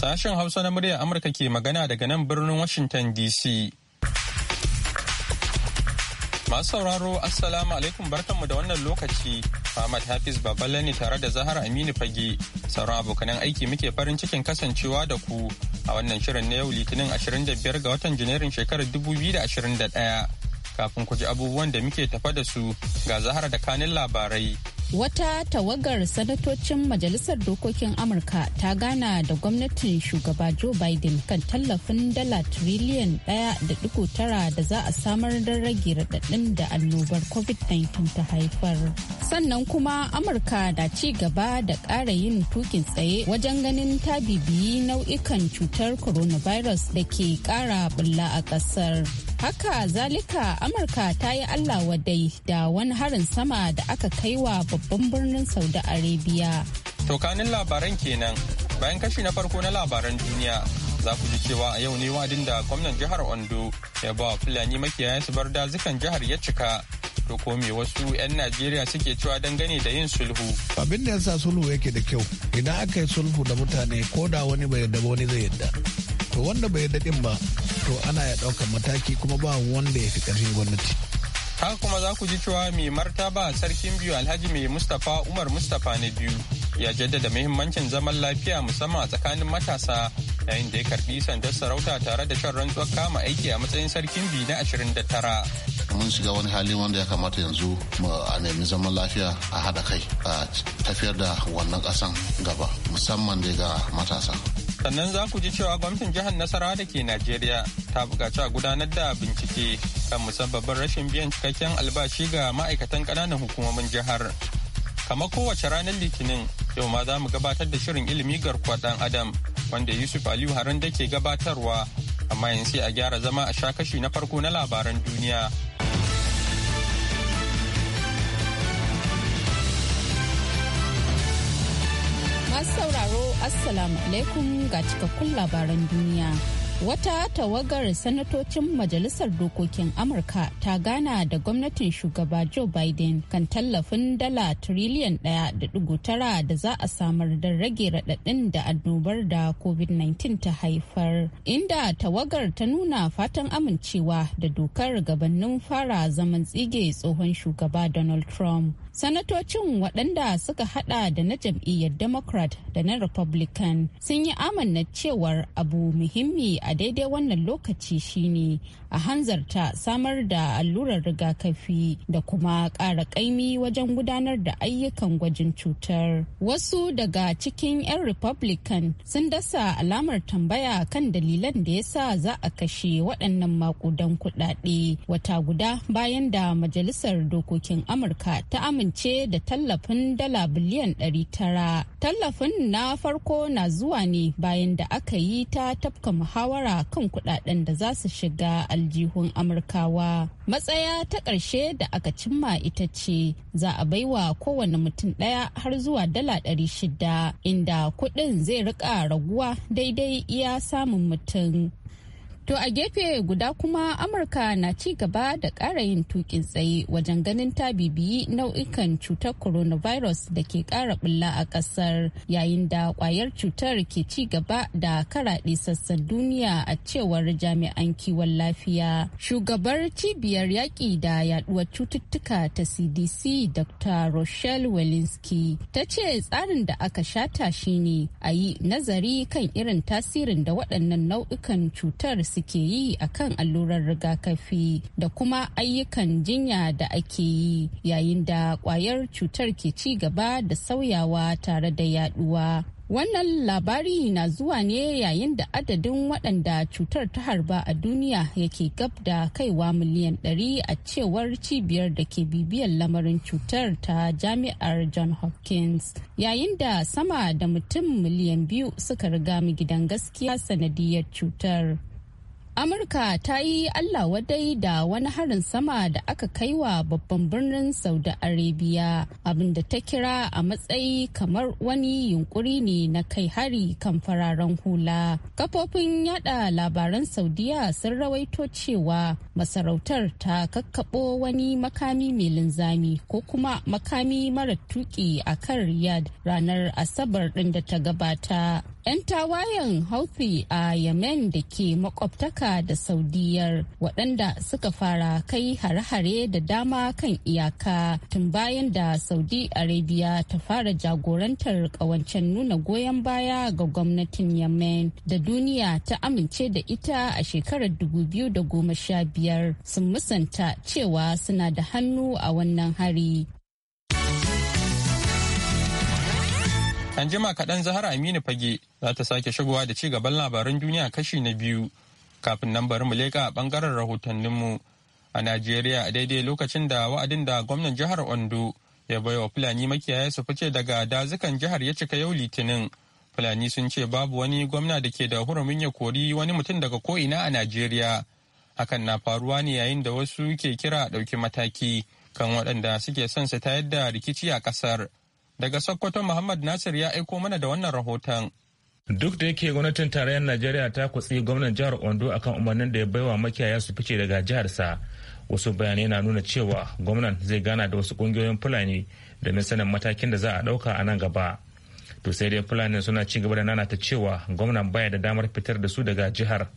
Sashen Hausa na muryar Amurka ke magana daga nan birnin Washington DC. Masu sauraro Assalamu alaikum barkanmu da wannan lokaci. Ahmad Hafiz Baballe ne tare da Zahar Aminu Fage. Sauran abokanan aiki muke farin cikin kasancewa da ku a wannan shirin na yau Litinin 25 ga watan Janairun shekarar 2021. Kafin ku ji abubuwan da muke tafa da su ga Zahra da kanin labarai. Wata tawagar sanatocin Majalisar Dokokin Amurka ta gana da gwamnatin shugaba Joe Biden kan tallafin dala tiriliyan ɗaya da ɗigo tara da za a samar da rage raɗaɗin da annobar COVID-19 ta haifar. Sannan kuma Amurka na ci gaba da ƙara yin tukin tsaye wajen ganin ta bibiyi nau'ikan cutar coronavirus da ke ƙara bulla a ƙasar. haka zalika amurka ta yi allah wadai da wani harin sama da aka kai wa babban birnin saudi arabia tokanin labaran kenan bayan kashi na farko na labaran duniya za ku ji cewa a yau ne wadin da gwamnan jihar ondo ya ba fulani makiyaya su bar dazukan jihar ya cika to ko me wasu 'yan najeriya suke cewa dangane da yin sulhu abin da yasa sulhu yake da kyau idan aka yi sulhu da mutane ko da wani bai yadda wani zai yadda to wanda bai daɗin ba to ana ya ɗaukar mataki kuma ba wanda ya fi ƙarfin gwamnati haka kuma za ku ji cewa mai martaba sarkin biyu alhaji mai mustapha umar mustapha na biyu ya jaddada mahimmancin zaman lafiya musamman a tsakanin matasa yayin da ya karbi sandar sarauta tare da shan rantsuwar kama aiki a matsayin sarkin biyu na tara. mun shiga wani halin wanda ya kamata yanzu a nemi zaman lafiya a haɗa kai a tafiyar da wannan kasan gaba musamman daga matasa. sannan za ku ji cewa gwamnatin jihar nasarawa da ke najeriya ta buƙaci a gudanar da bincike kan musabbabin rashin biyan cikakken albashi ga ma'aikatan ƙananan hukumomin jihar kamar kowace ranar litinin yau ma za mu gabatar da shirin ilimi garkuwa ɗan adam wanda yusuf aliyu haran da ke gabatarwa amma yanzu sai a gyara zama a sha kashi na farko na labaran duniya Masu sauraro Assalamu alaikum ga cikakkun labaran duniya. Wata tawagar sanatocin Majalisar Dokokin Amurka ta gana da gwamnatin shugaba Joe Biden kan tallafin dala tiriliyan ɗaya da dugu tara da za a samar da rage raɗaɗin da annobar da COVID-19 ta haifar. Inda tawagar ta nuna fatan amincewa da dokar gabanin fara zaman tsige tsohon shugaba Donald Trump. sanatocin waɗanda suka hada da na jam'iyyar democrat da na republican sun yi amanna cewar abu muhimmi a daidai wannan lokaci shine a hanzarta samar da allurar rigakafi da kuma ƙara ƙaimi wajen gudanar da ayyukan gwajin cutar wasu daga cikin 'yan republican sun dasa alamar tambaya kan dalilan da ya sa za a kashe waɗannan makudan kuɗaɗe wata guda bayan da majalisar dokokin amurka ta amince kasance da tallafin dala biliyan 900. Tallafin na farko na zuwa ne bayan da aka yi ta tafka muhawara kan kudaden da za su shiga aljihun Amurkawa. Matsaya ta ƙarshe da aka cimma ita ce za a baiwa kowane mutum ɗaya har zuwa dala ɗari shida inda kuɗin zai riƙa raguwa daidai iya samun mutum. To a gefe guda kuma Amurka na ci gaba da ƙara yin tukin tsaye wajen ganin ta bibiyi nau'ikan cutar coronavirus da ke ƙara bulla a ƙasar yayin da ƙwayar cutar ke ci gaba da karaɗe sassan duniya a cewar jami'an kiwon lafiya. Shugabar cibiyar yaƙi da yaɗuwar cututtuka ta CDC Dr. Rochelle Walensky ta ce tsarin da aka shata shine a yi nazari kan irin tasirin da waɗannan nau'ikan cutar suke yi a kan allurar rigakafi da kuma ayyukan jinya da ake yi yayin da kwayar cutar ke ci gaba da sauyawa tare da yaduwa Wannan labari na zuwa ne yayin da adadin waɗanda cutar ta harba a duniya yake gab da kaiwa miliyan ɗari a cewar cibiyar da ke bibiyar lamarin cutar ta jami'ar John Hopkins. Yayin da sama da mutum miliyan biyu suka riga mu gidan gaskiya sanadiyar cutar. amurka ta yi allah wadai da wani harin sama da aka kai wa babban birnin saudi arabia abinda ta kira a matsayi kamar wani yunkuri ne na kai hari kan fararen hula kafofin yada labaran saudiya sun rawaito cewa masarautar ta kakkabo wani makami mai linzami ko kuma makami mara tuki a kan riyadh ranar asabar ɗin da ta gabata 'yan tawayen haufi a yemen da ke makwabtaka da saudiyar waɗanda suka fara kai hare-hare da dama kan iyaka tun bayan da saudi arabia ta fara jagorantar ƙawancen nuna goyon baya ga gwamnatin yemen da duniya ta amince da ita a shekarar 2015 sun musanta cewa suna da hannu a wannan hari An jima kaɗan zahara Aminu Fage za ta sake shigowa da ci gaban labaran duniya kashi na biyu. Kafin nan bari mu leƙa ɓangaren rahotanninmu. A Najeriya a daidai lokacin da wa'adin da gwamnan jihar Ondo ya baiwa Fulani makiyaya su fice daga dazukan jihar ya cika yau Litinin. Fulani sun ce babu wani gwamna da ke da hurumin ya kori wani mutum daga ko'ina a Najeriya. Hakan na faruwa ne yayin da wasu ke kira ɗauki mataki kan waɗanda suke son su tayar da rikici a ƙasar. Daga Sokoto Muhammad Nasir ya aiko mana da wannan rahoton. Duk da yake gwamnatin tarayyar Najeriya ta kutsi gwamnan jihar Ondo akan umarnin da ya baiwa makiyaya su fice daga jiharsa. Wasu bayanai na nuna cewa gwamnan zai gana da wasu kungiyoyin Fulani domin sanin matakin da za a dauka a nan gaba. To sai dai Fulani suna ci gaba da ta cewa gwamnan baya da damar fitar da su daga jihar.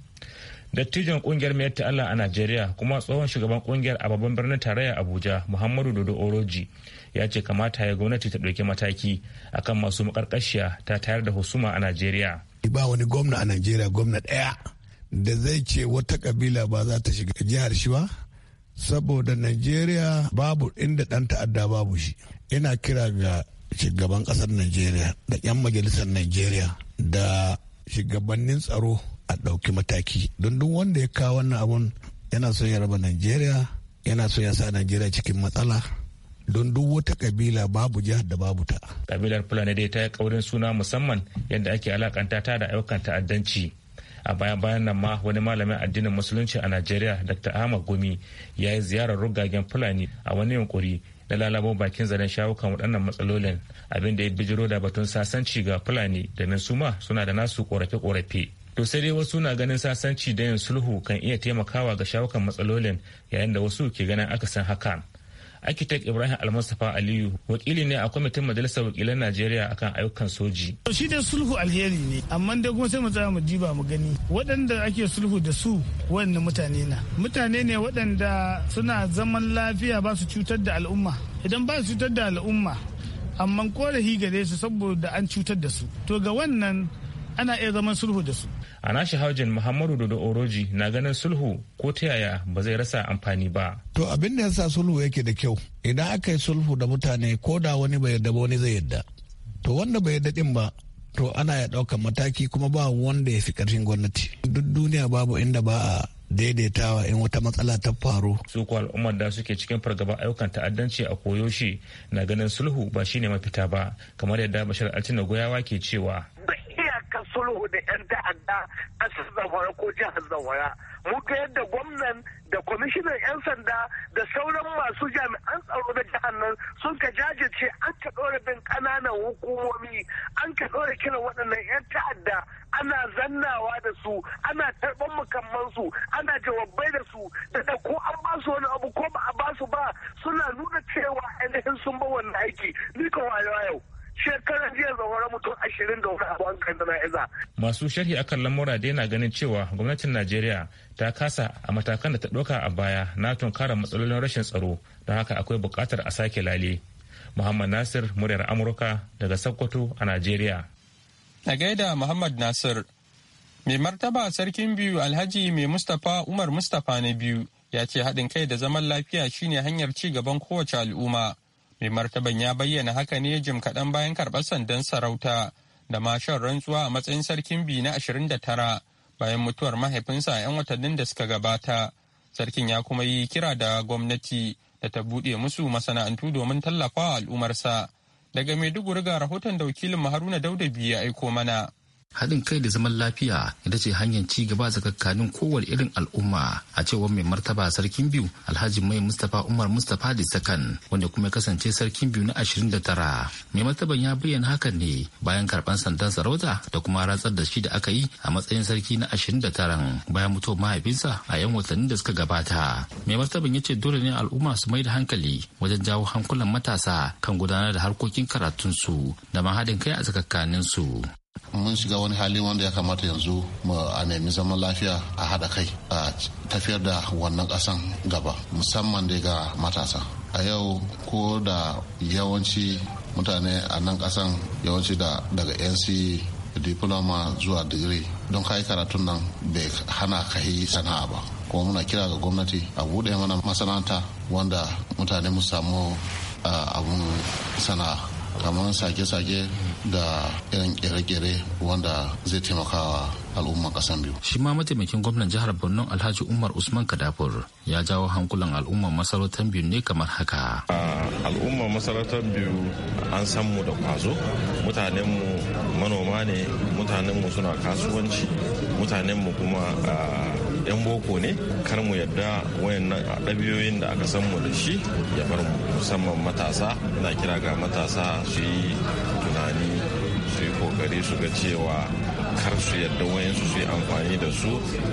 dattijan kungiyar Mayar Allah a Najeriya kuma tsohon shugaban kungiyar a birnin tarayya Abuja Muhammadu Dodo Oroji ya ce kamata ya gwamnati ta ɗauki mataki akan masu makarkashiya ta tayar da husuma a najeriya ba wani gwamna a najeriya gwamna ɗaya da zai ce wata kabila ba za ta shiga jihar shi ba saboda najeriya babu inda ɗan ta'adda babu shi ina kira ga shugaban ƙasar najeriya da 'yan majalisar najeriya da shugabannin tsaro a ɗauki mataki don duk wanda ya kawo wannan abun yana so ya raba najeriya yana so ya sa najeriya cikin matsala don duk wata kabila babu jihar da babu ta. Kabilar Fulani dai ta yi kaurin suna musamman yadda ake alakanta ta da ayyukan ta'addanci. A baya bayan nan ma wani malamin addinin musulunci a Najeriya Dr. Ahmad Gumi ya yi ziyarar rugagen Fulani a wani yunkuri na lalabo bakin zaren shawukan waɗannan matsalolin abin da ya bijiro da batun sasanci ga Fulani domin su ma suna da nasu korafe-korafe. to sai dai wasu na ganin sasanci da yin sulhu kan iya taimakawa ga shawukan matsalolin yayin da wasu ke ganin akasin haka architect ibrahim almustapha aliyu wakili ne a kwamitin majalisar wakilan najeriya akan ayyukan soji shi dai sulhu alheri ne amma dai kuma sai mu tsaya mu diba mu gani waɗanda ake sulhu da su wannan mutane na mutane ne waɗanda suna zaman lafiya ba su cutar da al'umma idan ba su cutar da al'umma amma korafi gare su saboda an cutar da su to ga wannan ana iya zaman sulhu da su. A nashi haujin Muhammadu Dodo Oroji na ganin sulhu ko ta yaya ba zai rasa amfani ba. To abin da yasa sulhu yake da kyau idan aka yi sulhu da mutane ko da wani bai yarda ba wani zai yarda. To wanda bai yarda din ba to ana ya ɗaukan mataki kuma ba wanda ya fi ƙarfin gwamnati. Duk duniya babu inda ba a daidaitawa in wata matsala ta faru. Su ko al'ummar da suke cikin fargaba ayyukan ta'addanci a koyaushe na ganin sulhu ba shine mafita ba kamar yadda Bashir Altina Goyawa ke cewa. sulhu da 'yan ta'adda ƙasar zawara ko jihar zawara mu ga yadda gwamnan da kwamishinan 'yan sanda da sauran masu jami'an tsaro da jihar nan sun ka jajirce an ka ɗora bin ƙananan hukumomi an ka ɗora kiran waɗannan 'yan ta'adda ana zannawa da su ana tarban mukamman su ana jawabai da su da ko an ba su wani abu ko ba a ba su ba suna nuna cewa ainihin sun ba wannan aiki ni ka wayo yau shekaran jiya zaura mutum ashirin da wani abu an kan jana'iza. Masu sharhi akan lamura dai na ganin cewa gwamnatin Najeriya ta kasa a matakan da ta ɗauka a baya na tunkarar matsalolin rashin tsaro don haka akwai buƙatar a sake lale. Muhammad Nasir muryar Amurka daga Sokoto a Najeriya. A gaida Muhammad Nasir, mai martaba sarkin biyu Alhaji mai Mustapha Umar Mustapha na biyu ya ce haɗin kai da zaman lafiya shine hanyar ci gaban kowace al'umma. mai martaban ya bayyana haka ne jim kaɗan bayan karɓar sandan sarauta da ma rantsuwa a matsayin sarkin biyu na ashirin da tara bayan mutuwar mahaifinsa a 'yan watannin da suka gabata sarkin ya kuma yi kira da gwamnati da ta buɗe musu masana'antu domin tallafawa al'ummarsa daga maiduguri ga rahoton da wakilin haruna dauda biyu ya aiko mana haɗin kai da zaman lafiya ita ce hanyar ci gaba tsakanin kowane irin al'umma a cewar mai martaba sarkin biyu alhaji mai mustapha umar mustapha da sakan wanda kuma kasance sarkin biyu na 29 mai martaban ya bayyana hakan ne bayan karɓar sandan sarauta da kuma ratsar da shi da aka yi a matsayin sarki na 29 bayan mutuwar mahaifinsa a yan watanni da suka gabata mai martaban ya ce dole ne al'umma su mai da hankali wajen jawo hankulan matasa kan gudanar da harkokin karatunsu da ma haɗin kai a tsakaninsu. mun shiga wani hali wanda ya kamata yanzu mu a nemi zaman lafiya a haɗa kai a tafiyar da wannan ƙasan gaba musamman dai ga matasa a yau ko da yawanci mutane a nan ƙasan yawanci da daga nc diploma zuwa digiri don kai karatun nan bai hana ka yi sana'a ba kuma muna kira ga gwamnati a buɗe mana masana'anta wanda mutane mu samu abun sana'a kamar sake-sake da irin kere-kere wanda zai taimaka wa al'umman kasan biyu. Shi ma mataimakin gwamnan jihar Borno Alhaji Umar Usman Kadafur ya jawo hankulan al'umman masarautar biyu ne kamar haka. Al'umman masarautar biyu an san mu da kwazo, mutanenmu manoma ne, mutanenmu suna kasuwanci, mutanenmu kuma 'yan boko ne kar mu yadda wayannan ɗabiyoyin da aka san mu da shi ya bar mu musamman matasa na kira ga matasa su yi tunani 我给你说个计划。har su yadda wayansu su yi amfani da su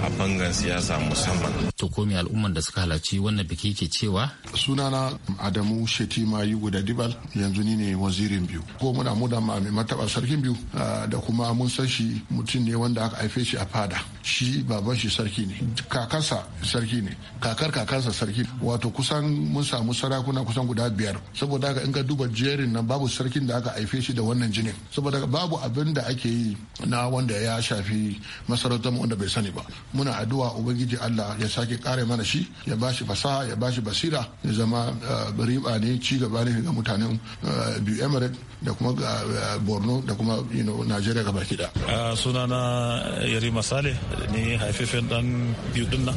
a bangan siyasa musamman. To komi al'umman da suka halarci wannan biki ke cewa? Sunana Adamu Shetima Yugo da Dibal yanzu ni ne wazirin biyu. Ko muna mu ma mai mataba sarkin biyu ah, da kuma mun san shi mutum ne wanda aka haife shi a fada. Shi baban shi sarki ne, kakansa sarki ne, kakar kakansa sarki. Wato kusan mun samu sarakuna kusan guda biyar. Saboda haka in ka duba jerin nan babu sarkin da aka haife shi da wannan jinin. Saboda babu abin da ake yi na wanda da ya shafi masarautar mu wanda bai sani ba muna addu'a ubangiji Allah ya sake kare mana shi ya bashi fasaha ya bashi basira ya zama eh, riba ne ci gaba ne ga mutanen eh, biyu emirate da kuma eh, borno da kuma Nigeria gaba baki da ah, sunana yari masale ne haifafen dan biyu dinnan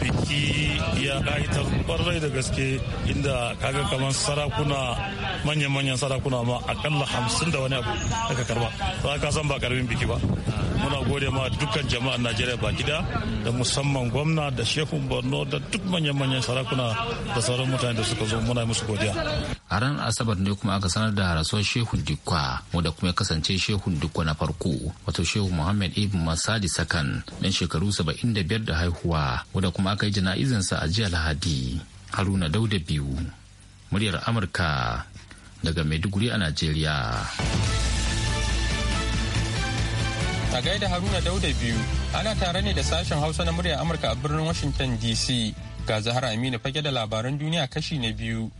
biki ya ka'itar kwarai da gaske inda kaga kamar sarakuna manyan-manyan sarakuna ma akalla hamsin da wani abu daga karba za ka san ba karamin biki ba muna gode ma dukkan jama'ar najeriya ba gida da musamman gwamna da shehun borno da duk manyan-manyan sarakuna da sauran mutane da suka zo muna musu godiya a ranar asabar ne kuma aka sanar da rasuwar shehun dikwa wanda kuma ya kasance shehun dikwa na farko wato shehu muhammad ibn masadi sakan dan shekaru 75 da haihuwa wanda kuma aka yi jana'izansa a jiya lahadi haruna dauda biyu muryar amurka daga maiduguri a najeriya A gaida Haruna Dauda biyu ana tare ne da sashen Hausa na murya Amurka a birnin Washington DC. Ga zahara Aminu fage da labaran duniya kashi na biyu.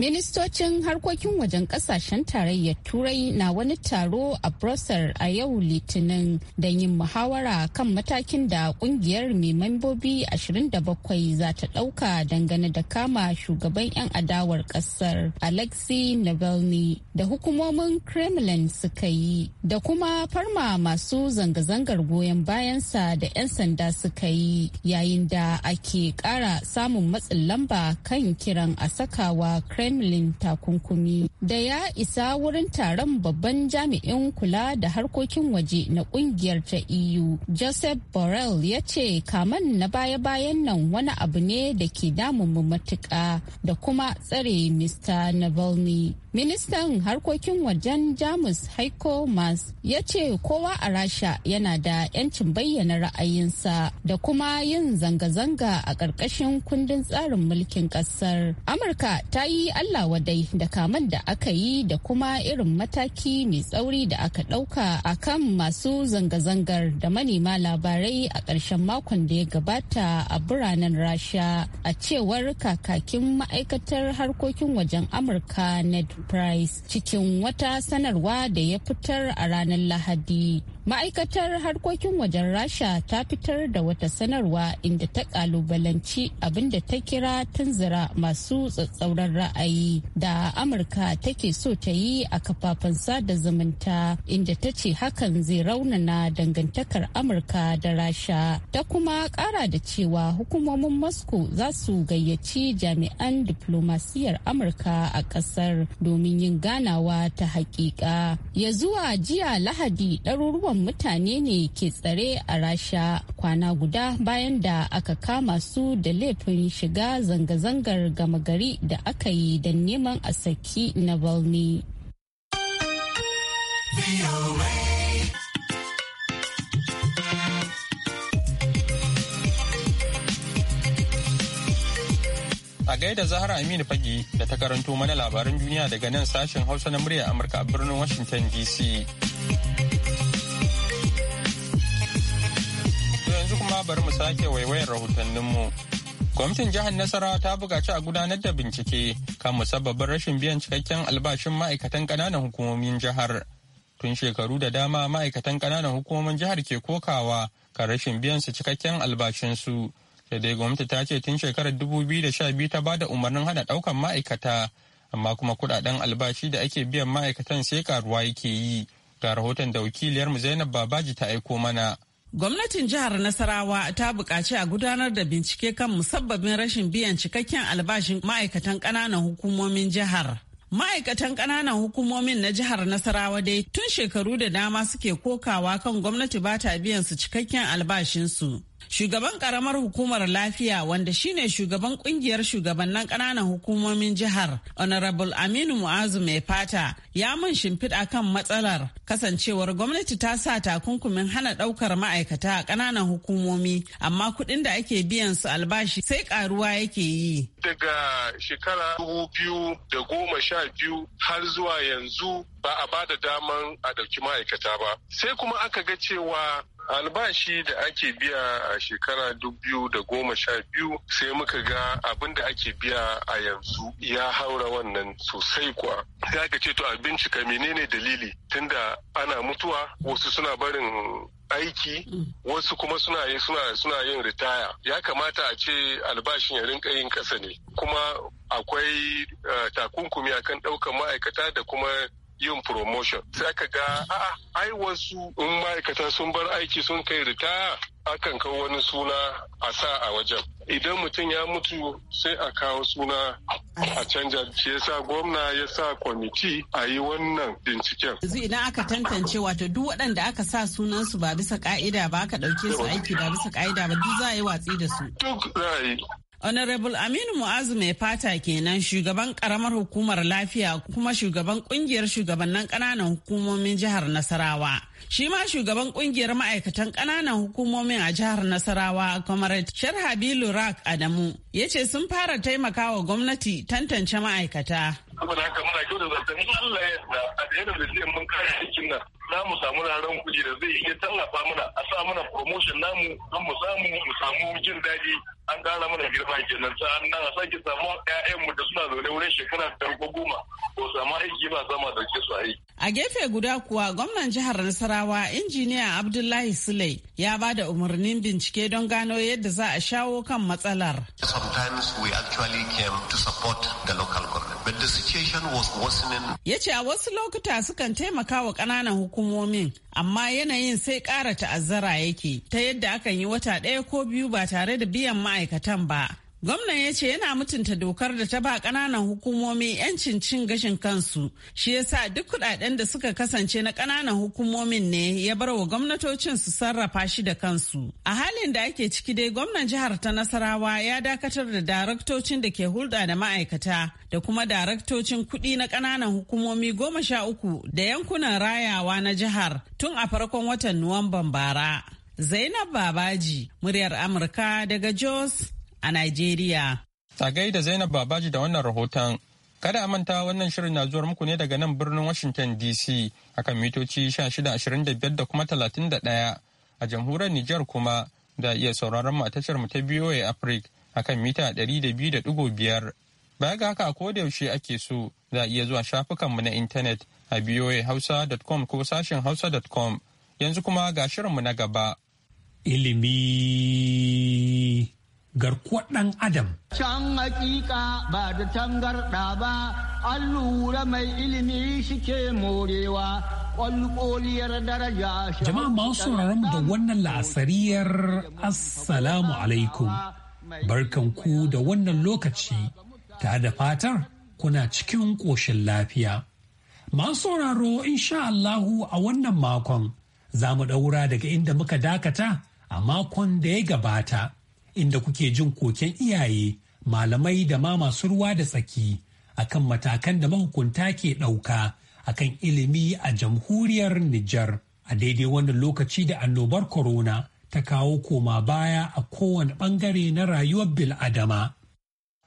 Ministocin harkokin wajen kasashen tarayyar Turai na wani taro a Brussels a yau Litinin don yin muhawara kan matakin da kungiyar mai membobi 27 za ta ɗauka dangane da kama shugaban 'yan adawar ƙasar Alexei Navalny da hukumomin Kremlin suka yi da kuma farma masu zanga-zangar goyon bayansa da 'yan sanda suka yi yayin da ake ƙara samun matsin lamba kan kiran a sakawa Kremlin kremlin takunkumi da ya isa wurin taron babban jami'in kula da harkokin waje na kungiyar ta eu joseph borrell ya ce kaman na baya-bayan nan wani abu ne da ke damunmu matuƙa da kuma tsare mr navalny ministan harkokin wajen jamus heiko mas ya ce kowa a rasha yana da 'yancin bayyana ra'ayinsa da kuma yin zanga-zanga a ƙarƙashin kundin tsarin mulkin ƙasar amurka ta yi Allah wadai da kaman da aka yi da kuma irin mataki mai tsauri da aka ɗauka a kan masu zanga-zangar da manema labarai a ƙarshen makon da ya gabata a biranen Rasha a cewar kakakin ma'aikatar harkokin wajen Amurka Ned Price cikin wata sanarwa da ya fitar a ranar Lahadi. ma'aikatar harkokin wajen rasha ta fitar da wata sanarwa inda ta kalubalanci abinda ta kira tanzira masu tsatsauran ra'ayi da amurka take so ta yi a kafafen sada zumunta inda ta ce hakan zai raunana dangantakar amurka da rasha ta kuma kara da cewa hukumomin moscow za su gayyaci jami'an diplomasiyar amurka a kasar domin yin ganawa ta hakika ya zuwa jiya lahadi ɗaruruwan yawan mutane ne ke tsare a rasha kwana guda bayan da aka kama su da laifin shiga zanga-zangar gama gari da aka yi da neman a saki navalny a da zahra aminu fagi da ta karanto mana labaran duniya daga nan sashen hausa na murya amurka a birnin washington dc bari mu sake waiwayar rahotanninmu. Gwamnatin jihar Nasarawa ta buƙaci a gudanar da bincike kan musabbabin rashin biyan cikakken albashin ma'aikatan ƙananan hukumomin jihar. Tun shekaru da dama ma'aikatan ƙananan hukumomin jihar ke kokawa kan rashin biyan su cikakken albashin su Da dai gwamnati ta ce tun shekarar dubu biyu da sha biyu ta ba da umarnin hana ɗaukan ma'aikata, amma kuma kuɗaɗen albashi da ake biyan ma'aikatan sai karuwa yake yi. Ga rahoton da wakiliyarmu Zainab Babaji ta aiko mana. Gwamnatin jihar Nasarawa ta buƙaci a gudanar da bincike kan musabbabin rashin biyan cikakken albashin ma'aikatan ƙananan hukumomin jihar. Ma'aikatan ƙananan hukumomin na jihar Nasarawa dai tun shekaru da dama suke kokawa kan gwamnati ba ta biyan su cikakken albashinsu. Shugaban karamar hukumar lafiya wanda shine shugaban kungiyar shugabannin ƙananan hukumomin jihar Honorable Aminu Mu'azu mai fata ya mun shimfiɗa kan matsalar kasancewar gwamnati ta sa takunkumin hana ɗaukar ma'aikata a ƙananan hukumomi amma kuɗin da ake biyan su albashi sai ƙaruwa yake yi. Daga shekara dubu biyu da goma sha biyu har zuwa yanzu ba a ba da daman a ɗauki ma'aikata ba. Sai kuma aka ga cewa albashi da ake biya a shekara da goma sha biyu sai muka ga abin da ake biya a yanzu ya haura wannan sosai kuwa Ya aka ce to a bincika menene dalili tunda ana mutuwa wasu suna barin aiki mm. wasu kuma suna yin ritaya ya kamata a ce albashin ya rinka yin kasa ne kuma akwai eh, takunkumi akan ɗaukar ma'aikata da kuma yin promotion sai aka ga a'a ai wasu in ma'aikata sun bar aiki sun kai ritaya akan kawo wani suna a sa a wajen idan mutum ya mutu sai a kawo suna a canja shi yasa gwamna ya sa kwamiti a yi wannan binciken yanzu idan aka tantance wato duk waɗanda aka sa sunan su ba bisa ka'ida ba aka ɗauke su aiki ba bisa ka'ida ba duk za a yi watsi da su duk za a yi Honorable Aminu Mu'azu mai fata kenan shugaban karamar hukumar lafiya kuma shugaban kungiyar shugabannin kananan hukumomin jihar Nasarawa. Shi ma shugaban kungiyar ma'aikatan kananan hukumomin a jihar Nasarawa Comrade Sharhabilu Rak Adamu ya ce sun fara taimakawa gwamnati tantance ma'aikata. Saboda haka muna kyau da zartan Allah ya da mun kare aikin nan za mu samu raran kuɗi da zai iya tallafa mana a sa mana promotion namu don mu samu mu samu jin daji an ƙara mana girma kenan sa'an nan a sake samu ƴaƴanmu da suna zaune wurin shekara ta ko goma ko sama aiki ba sama da ke su aiki. A gefe guda kuwa gwamnan jihar Nasarawa injiniya Abdullahi Sule ya ba da umarnin bincike don gano yadda za a shawo kan matsalar. Sometimes we actually came to support the local the situation was worsening. Ya ce a wasu lokuta sukan taimaka wa ƙananan hukumomin, amma yanayin sai ƙara ta'azzara yake, ta yadda akan yi wata ɗaya ko biyu ba tare da biyan ma'aikatan ba. Gwamnan ya ce yana mutunta dokar da ta ba ƙananan hukumomi 'yancin cin gashin kansu, shi ya sa duk kuɗaɗen da suka kasance na ƙananan hukumomin ne ya bar wa gwamnatocin su sarrafa shi da kansu. A halin da ake ciki dai gwamnan jihar ta Nasarawa ya dakatar da daraktocin da ke hulɗa da ma'aikata da kuma daraktocin kuɗi na ƙananan hukumomi goma sha uku da yankunan rayawa na jihar tun a farkon watan Nuwamban bara. Zainab Babaji, muryar Amurka daga Jos a Najeriya. Tagai gaida Zainab Babaji da wannan rahoton. Kada a manta wannan shirin na zuwar muku ne daga nan birnin Washington DC a kan mitoci 1625 da kuma 31 a jamhuriyar Nijar kuma da iya sauraron mu a tashar mu ta BOA Africa akan mita 200.5. Baya ga haka ko da yaushe ake so za a iya zuwa shafukan mu na intanet a boahausa.com ko sashen hausa.com yanzu kuma ga shirinmu na gaba. Ilimi garkuwar ɗan adam. Can hakika ba da tangarɗa ba, an lura mai ilimi shike morewa, ƙwalƙoliyar daraja shi. Jama'a masu sauraron da wannan la'asariyar Assalamu alaikum. Barkan ku da wannan lokaci, ta da fatar kuna cikin ƙoshin lafiya. Masu sauraro insha Allahu a wannan makon, za mu ɗaura daga inda muka dakata a makon da ya gabata. inda kuke jin koken iyaye malamai da ma masu ruwa da tsaki akan matakan da mahukunta ke ɗauka akan ilimi a jamhuriyar Nijar a daidai wannan lokaci da annobar corona ta kawo koma baya a kowane ɓangare na rayuwar bil'adama.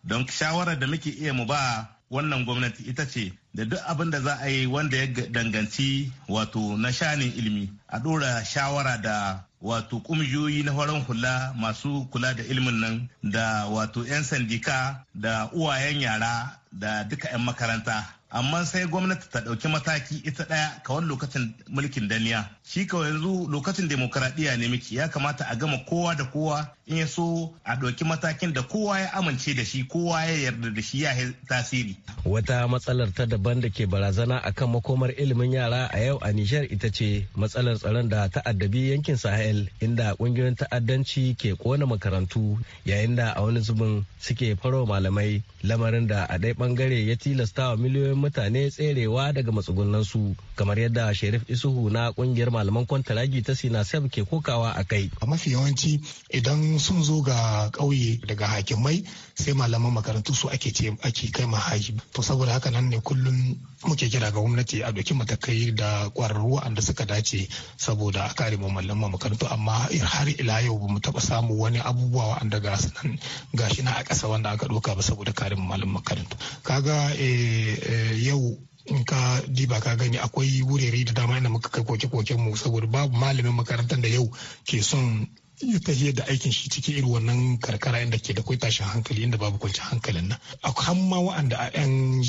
Don shawarar da muke iya mu ba wannan gwamnati ita ce da duk abin da za a yi wanda ya danganci wato na shanin ilimi a ɗora shawara da wato ƙungiyoyi na farin hula masu kula da ilimin nan da wato 'yan sandika da uwayen yara da duka 'yan makaranta amma sai gwamnati ta ɗauki mataki ita ɗaya kawai lokacin mulkin daniya shi kawai yanzu lokacin demokaradiyya ne miki ya kamata a gama kowa da kowa in ya so a ɗauki matakin da kowa ya amince da shi kowa ya yarda da shi ya tasiri wata matsalar ta daban da ke barazana akan makomar ilimin yara a yau a nijar ita ce matsalar tsaron da ta'addabi yankin sahel inda kungiyoyin ta'addanci ke kona makarantu yayin da a wani zubin suke faro malamai lamarin da a ɗaya bangare ya tilasta wa miliyoyin mutane tserewa daga matsugunansu kamar yadda Sherif Isuhu na kungiyar malaman kwantaragi ta sef ke kokawa a kai. A mafi yawanci idan sun zo ga ƙauye daga hakimai sai malaman makarantu su ake ce ake kai ma To saboda haka nan ne kullum muke kira ga gwamnati a doki matakai da ƙwararru anda suka dace saboda a kare malaman makarantu amma har ila yau bamu taba samu wani abubuwa wa'anda ga gashi na a ƙasa wanda aka ɗauka ba saboda kare malaman makarantu. Kaga eh, eh, yau in ka diba ka gani akwai wurare da dama inda muka kai koke-koken mu saboda babu malamin makarantar da yau ke son ya tafiye da aikin shi cikin irin wannan karkara inda ke da kwai tashin hankali inda babu kwanci hankalin nan akwai ma wa'anda a yan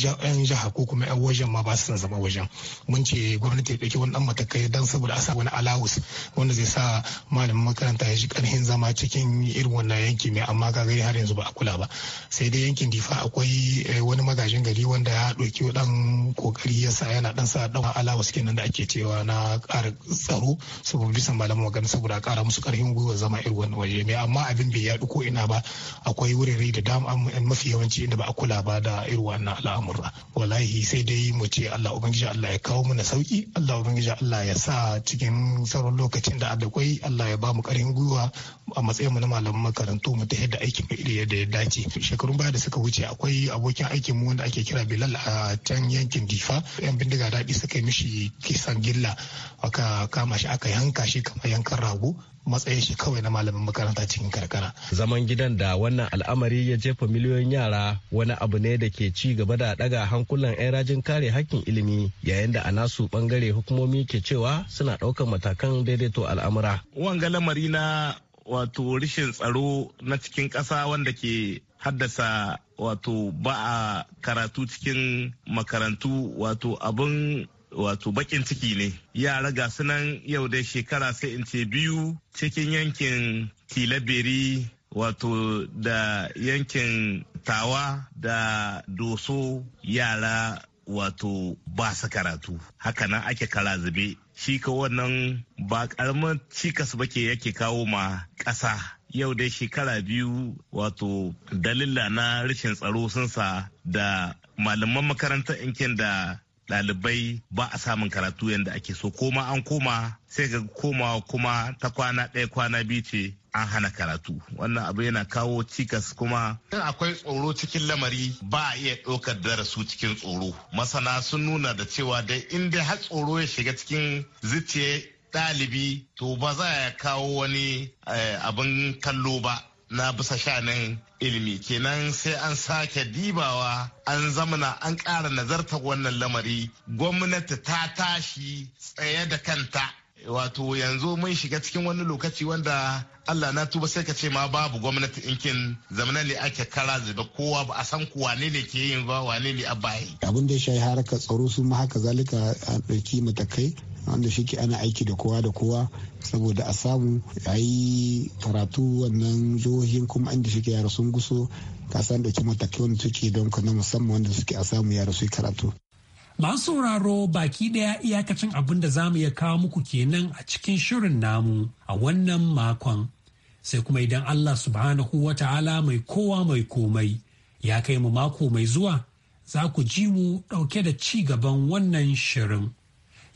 jaha ko kuma yan wajen ma ba su san zama wajen mun ce gwamnati ya ɗauki wani ɗan matakai don saboda a sa wani alawus wanda zai sa malamin makaranta ya ji ƙarfin zama cikin irin wannan yanki mai amma ka gani har yanzu ba a kula ba sai dai yankin difa akwai eh, wani magajin gari wanda ya ɗauki ɗan ƙoƙari ya sa yana ɗan sa ɗan alawus kenan da ake cewa na ƙara tsaro saboda bisa malamin magana saboda ƙara musu ƙarfin gwiwa zama irin wani waje ne amma abin bai yaɗu ko ina ba akwai wurare da dama mafi yawanci inda ba a kula ba da irin wannan al'amura wallahi sai dai mu ce Allah ubangiji Allah ya kawo mana sauki Allah ubangiji Allah ya sa cikin sauran lokacin da adakwai Allah ya ba mu karin gwiwa a matsayin mu na malaman makarantu mu ta yadda aikin mu yadda ya dace shekarun baya da suka wuce akwai abokin aikin mu wanda ake kira Bilal a can yankin Difa yan bindiga daɗi suka yi mishi kisan gilla aka kama shi aka yanka shi kamar yankan rago matsayin shi kawai na malamin makaranta cikin karkara. Zaman gidan da wannan al'amari ya jefa miliyoyin yara wani abu ne da ke ci gaba da daga hankulan 'yan rajin kare hakkin ilimi yayin da a nasu bangare hukumomi ke cewa suna ɗaukar matakan daidaito al'amura. Wanga lamari na wato rashin tsaro na cikin ƙasa wanda ke haddasa wato ba a karatu cikin makarantu wato abin wato bakin ciki ne yara ga sunan yau da shekara sai in ce biyu cikin yankin tilaberi wato da yankin tawa da doso yara wato ba su karatu Haka hakanan ake kara zube shi ka wannan ba karamin cikas ba ke yake kawo ma ƙasa yau da shekara biyu wato dalila na rashin tsaro sun sa da malaman makarantar inkin da ɗalibai ba a samun karatu yadda ake so koma an koma sai ga koma kuma ta kwana ɗaya kwana biyu ce an hana karatu wannan abu yana kawo cikas kuma in akwai tsoro cikin lamari ba a iya ɗaukar darasu cikin tsoro masana sun nuna da cewa dai in dai har tsoro ya shiga cikin zuciya ɗalibi to ba za ya kawo wani eh, abin kallo ba na bisa shanin ilimi kenan sai an sake dibawa an zamana an ƙara nazartar wannan lamari gwamnati ta tashi tsaye da kanta wato yanzu mun shiga cikin wani lokaci wanda Allah na tuba sai ka ce ma babu gwamnati in inkin zamana ne ake kara zuba kowa ba a san ku wane ne ke yin ba wane ne a bayi. Abin da ya shayi harkar tsaro su ma haka zalika a ɗauki matakai wanda shi ke ana aiki da kowa da kowa saboda a samu a yi karatu wannan jihohin kuma inda shi ke yara sun guso ka san ɗauki matakai wanda suke don na musamman wanda suke a samu yara su karatu. Masu sauraro baki ɗaya iyakacin abin da zamu ya kawo muku kenan a cikin shirin namu a wannan makon. Sai kuma idan Allah subhanahu wa ta'ala mai kowa mai komai ya kai mu mako mai zuwa za ku ji mu ɗauke da ci gaban wannan shirin.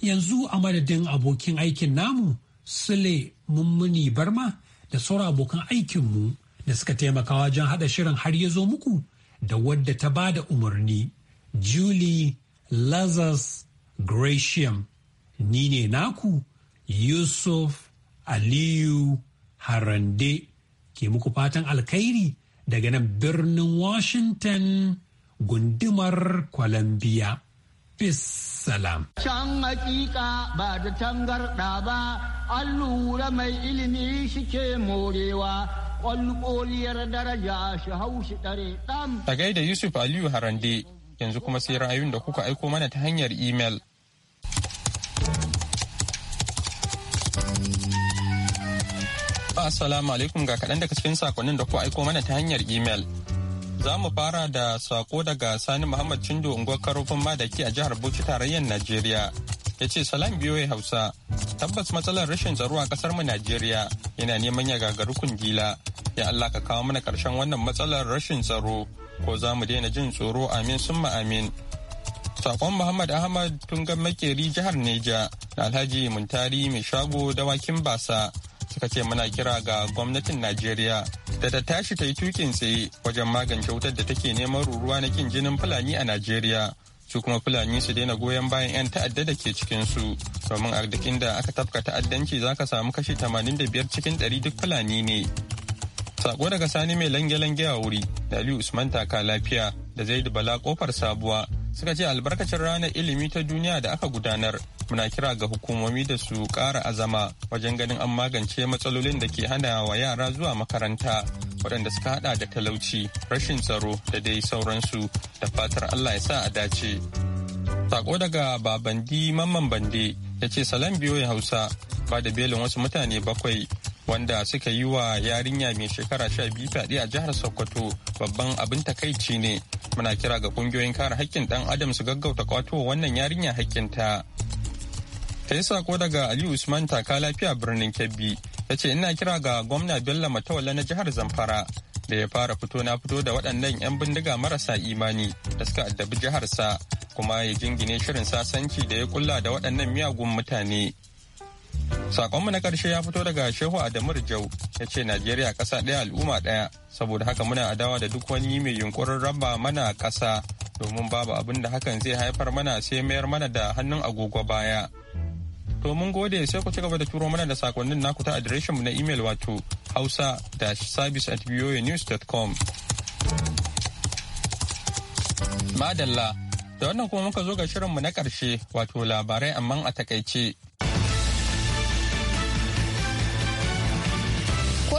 yanzu a madadin abokin aikin namu sule mummuni barma da sauran abokan aikinmu da suka taimaka wajen haɗa shirin har ya zo muku da wadda ta ba da umarni julie lazarus gratium ni ne naku yusuf aliyu harande ke muku fatan alkhairi daga nan birnin washington gundumar columbia salam. Can hakika ba da tangarda ba, an lura mai ilimi shike morewa, ƙwalƙoliyar daraja shi hau shi ɗare ɗan. A gaida Yusuf Aliyu Harande, yanzu kuma sai ra'ayoyin da kuka aiko mana ta hanyar imel. Assalamu alaikum ga kaɗan daga cikin sakonnin da kuka aiko mana ta hanyar imel. Za mu fara da sako daga Sani Muhammad Cindo unguwar karofin madaki a jihar Bauchi tarayyar Najeriya. Ya ce salam biyoyi Hausa, tabbas matsalar rashin tsaro a kasar mu Najeriya yana neman ya gagaru kungila. Ya Allah ka kawo mana karshen wannan matsalar rashin tsaro ko za mu daina jin tsoro amin summa amin. Sakon Muhammad Ahmad tun ga Makeri jihar Neja da Alhaji Muntari mai shago dawakin basa suka ce muna kira ga gwamnatin Najeriya da ta tashi ta yi tukin tsaye wajen magance wutar da take neman ruruwa na kin jinin fulani a najeriya su kuma fulani su daina goyon bayan 'yan ta'adda da ke cikinsu domin arzikin da aka tafka ta'addanci za ka samu kashi 85 cikin 100 duk fulani ne Sako daga Sani mai lange-lange a wuri, da Aliyu Usman taka lafiya da Zaidu Bala kofar sabuwa suka ce albarkacin ranar ilimi ta duniya da aka gudanar muna kira ga hukumomi da su kara azama wajen ganin an magance matsalolin da ke hana wa yara zuwa makaranta waɗanda suka hada da talauci rashin tsaro da dai sauransu da fatar allah ya sa a dace sako daga babandi mamman bande ya ce salam biyo ya hausa ba da belin wasu mutane bakwai wanda suka yi wa yarinya mai shekara sha biyu fyaɗe a jihar sokoto babban abin takaici ne muna kira ga kungiyoyin kare haƙƙin ɗan adam su gaggauta kwato wannan yarinya haƙƙinta ta yi sako daga ali usman taka lafiya birnin kebbi ta ce ina kira ga gwamna bello matawala na jihar zamfara da ya fara fito na fito da waɗannan 'yan bindiga marasa imani da suka addabi jiharsa kuma ya jingine shirin sasanci da ya kulla da waɗannan miyagun mutane Sakonmu na ƙarshe ya fito daga Shehu Adamu Jau ya ce Najeriya ƙasa ɗaya al'umma ɗaya saboda haka muna adawa da duk wani mai yunkurin raba mana ƙasa domin babu abin da hakan zai haifar mana sai mayar mana da hannun agogo baya. To mun gode sai ku ci gaba da turo mana da sakonnin naku ta mu na imel wato hausa-service@voanews.com. da at Madalla, da wannan kuma muka zo ga shirin mu na karshe wato labarai amma a takaice.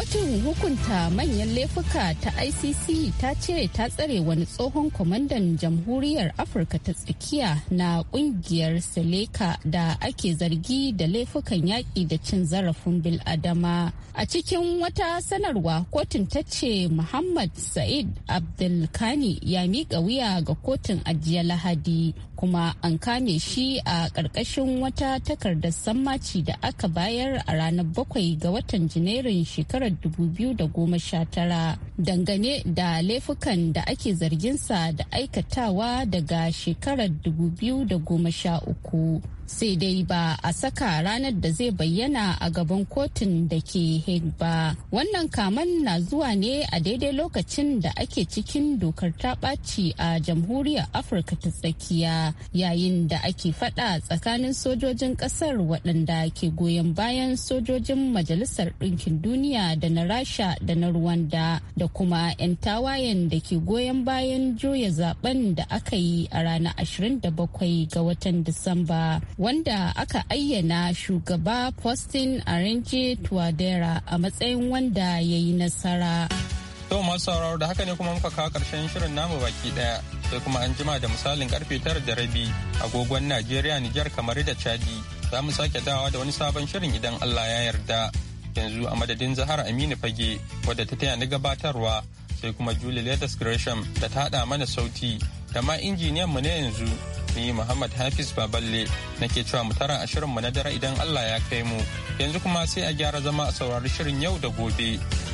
kotun hukunta manyan laifuka ta icc ta ce ta tsare wani tsohon kwamandan jamhuriyar afirka ta tsakiya na kungiyar seleka da ake zargi da laifukan yaƙi da cin zarafin biladama a cikin wata sanarwa kotun ta ce muhammad sa'id abdulkani ya miƙa wuya ga kotun ajiya lahadi kuma an kame shi a ƙarƙashin wata takardar sammaci da aka bayar a ranar bakwai ga watan janairun shekarar 2019 dangane da laifukan da ake zarginsa da aikatawa daga shekarar 2013 sai dai ba a saka ranar da zai bayyana a gaban kotun da ke hague ba wannan kaman na zuwa ne a daidai lokacin da ake cikin dokar ta ɓaci a jamhuriyar afirka ta tsakiya yayin da ake fada tsakanin sojojin ƙasar waɗanda ke goyon bayan sojojin majalisar ɗinkin duniya da na rasha da na ruwanda da kuma 'yan tawayen da ke goyon bayan juya zaben da aka yi a ranar 27 ga watan disamba wanda aka ayyana shugaba Faustin Arrange Tuadera a matsayin wanda ya yi nasara. To masu sauraro da haka ne kuma muka kawo karshen shirin namu baki daya sai kuma an jima da misalin karfe tara da rabi agogon Najeriya Nijar kamar da Chadi za mu sake dawa da wani sabon shirin idan Allah ya yarda. Yanzu a madadin Zahara Aminu Fage wadda ta taya ni gabatarwa sai kuma Julie Letters Gresham da ta haɗa mana sauti da ma injiniyan mu ne yanzu Ni Muhammad Hafiz Baballe nake cewa mu tara ashirin mu na dare idan Allah ya kai mu. Yanzu kuma sai a gyara zama a saurari shirin yau da gobe.